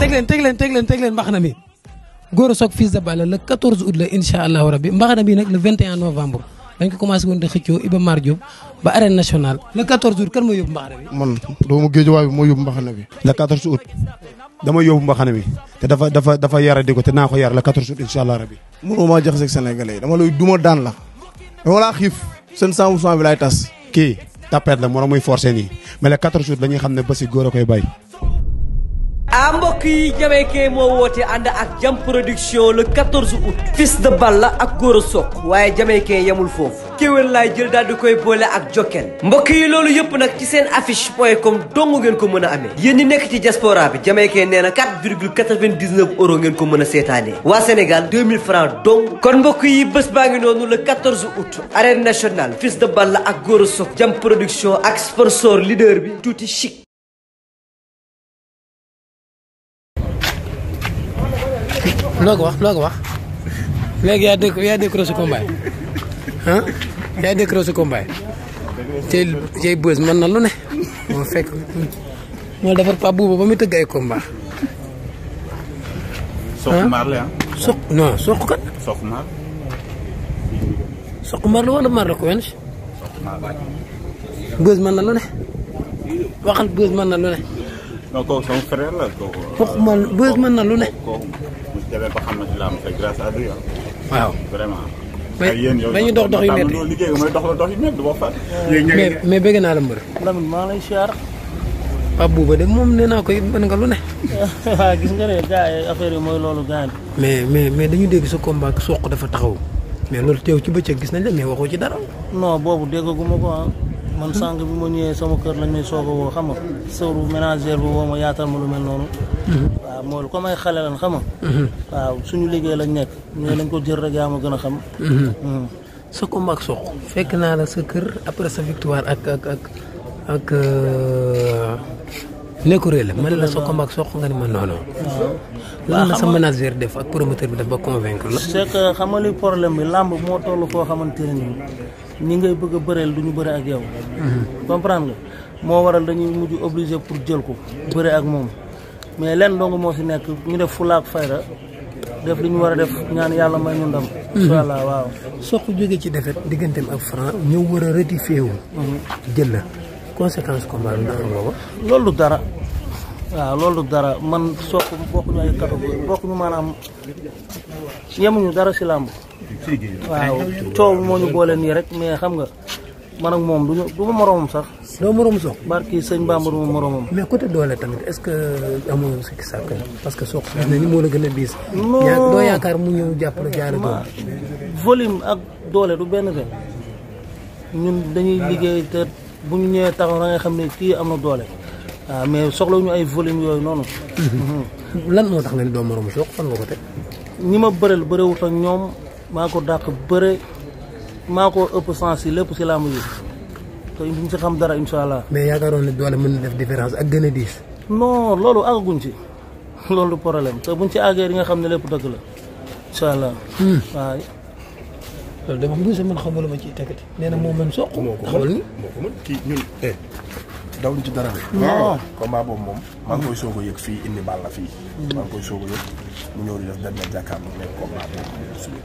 teg leen teg leen teg leen teg leen mbaxana mi Gora Sock fils de Balla le 14 août la incha allahu rabbi mbaxana bi nag le 21 novembre dañ ko commencé woon di xëccoo Iba Mar Diop ba arène nationale le 14 août kan moo yóbbu mbaxana bi. man doomu géejuwaay dama yóbbu mbaxana bi te dafa dafa dafa yaradi ko te naa ko yar le 14 août incha allah rabbi. mënoo maa jaxase ak sénégalais yi dama lay duma daan la. dama laa xiif seen 100% bi laay tas. kii tapet la morom muy forcé nii mais le 14 août xam ne ba si góor a bay a ah, mbokk yi jameekee moo woote ànd ak jam production le 14 août fils de Balla ak Gora Sock waaye jameekee yamul foofu kéwél laay jël daal di koy boole ak jokkeel mbokk yi loolu yëpp nag ci seen affiche point com dong ngeen ko mën a amee yéen ñi nekk ci diaspora bi jameekee nee na 4 virgule 99 euros ngeen ko mën a seetaanee waa Sénégal 2000 francs dong kon mbokk yi bés baa ngi noonu la 14 août arène nationale fils de Balla ak Gora Sock jam production ak sponsor leader bi tuuti chic loo ko wax loo ko wax léegi yaa dé yaa décroché combat ah yaa décroché combat na lu ne moo fekk moo defar Pape Bouba ba muy tëgg ay combat. soq maar la soq non soq kat. soq la wala la ko wen. soq maar mën na lu ne waxal bës mën na lu ne. non kooku sama frère na lu ne. Jalle ba xam na ci waaw vraiment. mais dañuy dox dox yu métti yow liggéey mooy dox la dox yu métti du fa. mais mais bëgg naa la mbër. Lamine maa lay de moom nee naa koy mën nga lu ne. waaw gis nga ne gars yi affaire yi mooy loolu gaañ. mais mais mais dañu dégg sa combat ak soq dafa taxaw mais loolu teew ci bëccëg gis nañ la mais waxoo ci dara. non boobu déggaguma ko ah. man sànq bi ma ñëwee sama kër lañ may soog a xam nga sëru ménagère bi woo ma yaatal ma lu mel noonu. Mhm. waaw moolu ko ay xale lan xam mhm. waaw suñu liggéey lañ nekk ñoo lañ ko jël rek yaa ma a xam mhm. Mhm. sa combat ak Sokh fekk naa la sa kër après sa victoire ak ak ak ak nekkuréel euh, ma la sa combat ak nga ni ma noonu lan la sa manager def ak promoteur bi def ba convaincre la c'est xam nga li bi làmb moo toll foo xamante ne nii ñi ngay bëgg a bëreel du ñu bëri ak yow comprendre nga moo waral dañuy mujj obligé pour jël ko bëri ak moom mais lenn dong moo fi nekk ñu def fulaak fayda def li ñu war a def ñaan yàlla may ñu ndam. Mhm. incha allah waaw. soq jóge ci defet digganteem ak franc ñëw war a rectifié wu. Mhm. jël la conséquence combat bi ndax booba. loolu dara waaw loolu dara man soq bokkuñu ay catégorie bokkuñu maanaam yemuñu dara si làmb. waaw coow moo ñu boole nii rek mais xam nga. man ak moom du ñu du ma sax. doo moromam sox. barki sëñ Bamba du ma moromam. mais côté doole tamit est ce que amoo sikki sàkk parce que sox gis nañu moo la gën a diis. non mu ñëw jàppale jaare doole. volume ak doole du benn ñun dañuy liggéey te bu ñëwee taxaw na nga xam ne kii am na doole. waaw ah, mais soxlawuñu ay volume yooyu noonu. Mhm. lan moo tax nga ni doo moromam sox fan nga ko teg. ñi ma bëreel bërewut ak ñoom maa ko dàq bëre. maa ko ëpp sens si lépp si làmb yi te duñ si xam dara incha allah. mais yaakaaroon ne doole mën na def différence ak gën a diis. non loolu àgguñ ci loolu problème te buñ ci àggee yi nga xam ne lépp dëgg la incha allah. Hmm. waaye. loolu dama mbuuse man xamul ma ciy tekkati nee na moom man soq. moo ko mën moo ko mën kii ñun. Eh, dawuñ ci dara de. waaw combat boobu moom. maa ngi koy soog yëg fii indi baal la fii. maa ngi koy soog yëg. mu ñëw di def benn jàkkaarloo ne combat boobu suñu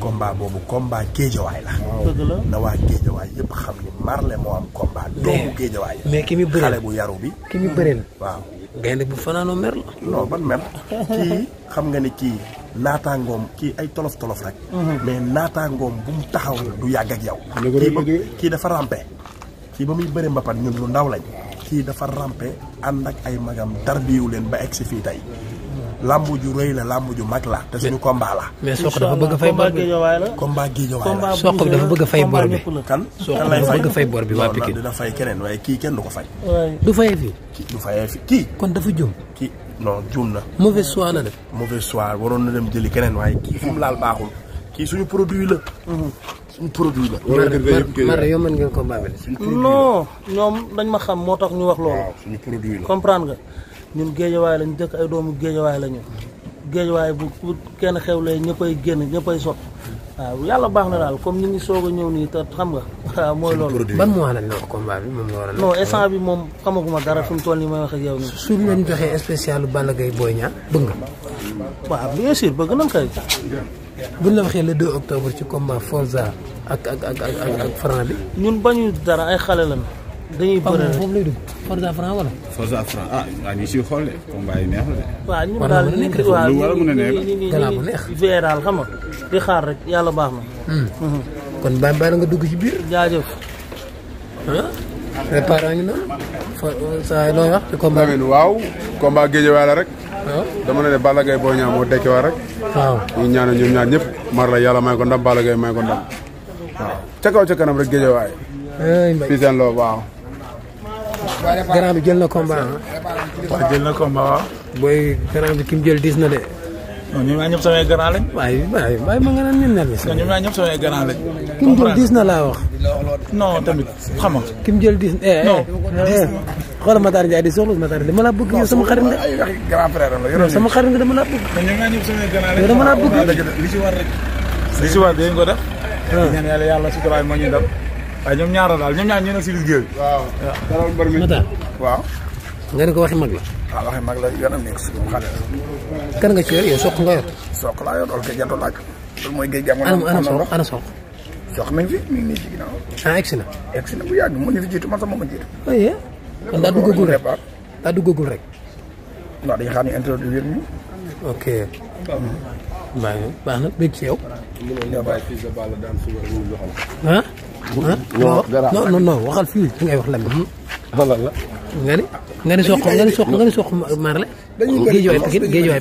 combat ah, boobu combat géejawaay la. dëgg la na waa géejawaay yëpp xam ni Marley moo am combat. doomu géejawaay mais ki mi bëreel xale bu yaru bi. ki mi bëreel waaw. gaynde bu fanaanoo mer la. non ban mer kii xam nga ni kii naataangoom kii ay tolof tolof rek. Mhm. mais naataangoom bu mu taxaw du yàgg ak yow. kii dafa rampe. kii ba muy bëre mbapat ñun lu ndaw lañ. kii dafa rampe ànd ak ay magam tarbiyu leen ba egg fii tey. làmbu ju rëy la lamb ju mag la te suñu combat la. mais soq dafa a fay bor bi combat géejawaay la. soq dafa bëgg a fay bor bi. kan kan lay fay soq dafa bëgg a fay bor bi waa Pikine. dina fay keneen waaye kii kenn du ko fay. du fayee fi. kii du fayee kon dafa jum. kii non jum na. mauvais choix la def. mauvais choix waroon na dem jëli keneen waaye kii fu mu laal baaxul. kii suñu produit la. Mhm. suñu produit la. wala Mara yow mën ngeen combat bi. non ñoom dañ ma xam moo tax ñu wax loolu. waaw suñu produit la comprendre nga. ñun géejawaay lañ dëkk ay doomu géejawaay lañu géejawaay bu kenn xew xewlee ñëppay génn ñëppay sot waaw yàlla baax na daal comme ñu ngi soog a ñëw nii te xam nga. waaw mooy loolu ban mois lañ wax combat bi moom la war a. non bi moom xamaguma dara fi mu toll nii may wax ak yow nii. joxee spécial Balla Gaye Boy Niang bëgg nga. waaw bien sûr bëgg nañ kay. buñ la waxee le 2 octobre ci combat Forza ak ak ak ak ak Franc bi. ñun bañu dara ay xale lañ. dañuy bëre foofu lay dugg Forza Franc wala. Forza Franc ah waaw ñu siy xool de combat yi neex la waaw yàlla baax na. Hmm. Hmm. kon bàyyi bàyyi nga dugg ci biir. jaajëf. rek. dama ne de Balla boo ñaa moo dekkiwaat rek. waaw ñu ñaanal ñoom ñaar ñëpp. mar yàlla may ko ndam may ko waaw ca kaw ca kanam rek géejewaay. ay fii seen loo waaw. grand bi jël na combat ah. waaw jël na combat waaw. booy grand bi ki jël dis na de. non ñoom ma nga naan ñu ne la. ñoom ñaar ñëpp samay grand lañ. ki mu jël dis na laa wax. non tamit xam nga. ki mu jël dis na. Eh, eh, non dis eh, na xoolal Matar Ndiaye di soxla Matar dama laa bëgg yow sama xarit nga. grand frère la yoroo sama xarit nga dama laa bëgg. ñoom ñaar ñëpp samay grand li ci war rek. li ci war dañ ko def. Ah. yàlla yàlla suturaay moo ñuy waaw ñoom ñaar daal ñoom ñaar ñu si biir géej. waaw dara nga ne ko waxi mag la. la yoon am nekk si moom xale la. kan nga ci yor soq nga yor. soq laa yor loolu kay janto laaj. loolu mooy géej gi amoon na ana soq ana soq. soq mi ngi fi ah, na. egsi na bu yàgg mu ñu fi jiitu man sax moom ah, ma jiitu. oui kon daa duggagul rek daa duggagul rek. waaw dañuy xaar ñu introduire ñu. ok. baax na bëgg ci yow. ah. non non non waxal fii fi ngay wax hmm? la. lan la. nga ni nga ni soq nga ni soq nga ni soq marle. géejewaay Pikine géejewaay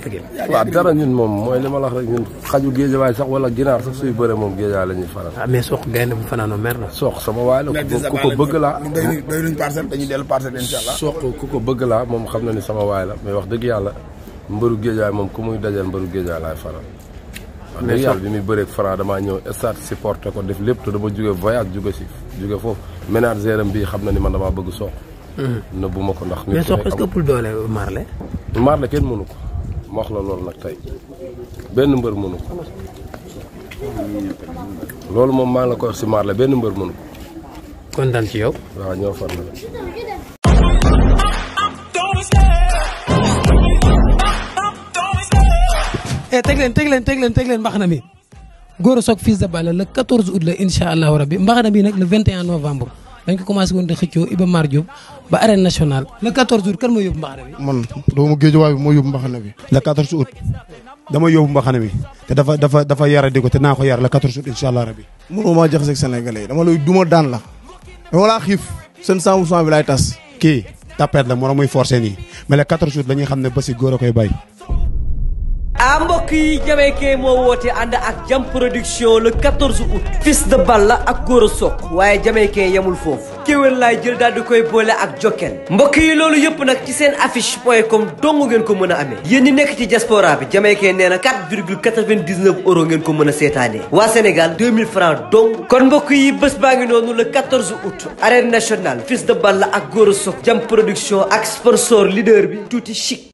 dara ñun moom mooy li ma la wax rek ñun xaju géejewaay sax wala ginaar sax suy bëre moom géejewaay la ñuy faral. ah mais soq gaynde bu fanaanoo mer la. soq sama waay la ku ko bëgg laa. doy dellu parcelle incha allah. ku ko bëgg laa moom xam na ni sama waay la mais wax dëgg yàlla mbëru géejewaay moom ku muy dajal mbëru géejewaay laay faral wax yàlla bi muy bëreeg Franc damaa ñëw stade supporté ko def lépp te dama jóge voyage jóge si jóge foofu ménagère am bii xam na ni man damaa bëgg Sokh hmm. nëbbu ma ko ndax mais Sokh est-ce que ëppul kenn mënu ko ma wax la loolu nag tey benn mbër mënu ko loolu moom maa la ko wax si Marley benn mbër mënu ko kontaan ci yow waaw ñoo far leen teg leen teg leen teg leen teg leen mbaxana mi Gora Sock fils de Balla la incha allahu rabi mbaxana bi nag le 21 novembre dañ ko commencé woon di xëccoo Iba Mar Diop ba arène nationale le 14 août kan moo yóbbu mbaxana bi. man doomu dama yóbbu mbaxana te dafa dafa dafa yara di ko te naa ko yar le 14 août incha allah rabi. mënoo maa jaxaseeg sénégalais yi dama lay duma daan la. dama laa xiif seen 100% bi laay tas. kii tapet la morom muy forcé nii mais le 14 août la ñuy xam ne ba si góor a bay ah mbokk yi Jamaïcain moo woote ànd ak jam production le 14 août Fils de Balla ak Gora Sock waaye Jamaïcain yemul foofu kéwél laay jël daal di koy boole ak Jokkel mbokk yi loolu yëpp nag ci seen affiche point com dong ngeen ko mën a amee yéen ñi nekk ci diaspora bi Jamaïcain nee na 4 virgule 99 euros ngeen ko mën a seetaanee waa Sénégal 2000 francs dong kon mbokk yi bés baa ngi noonu le 14 août arène nationale Fils de Balla ak a Sock jam production ak sponsor leader bi tuuti chic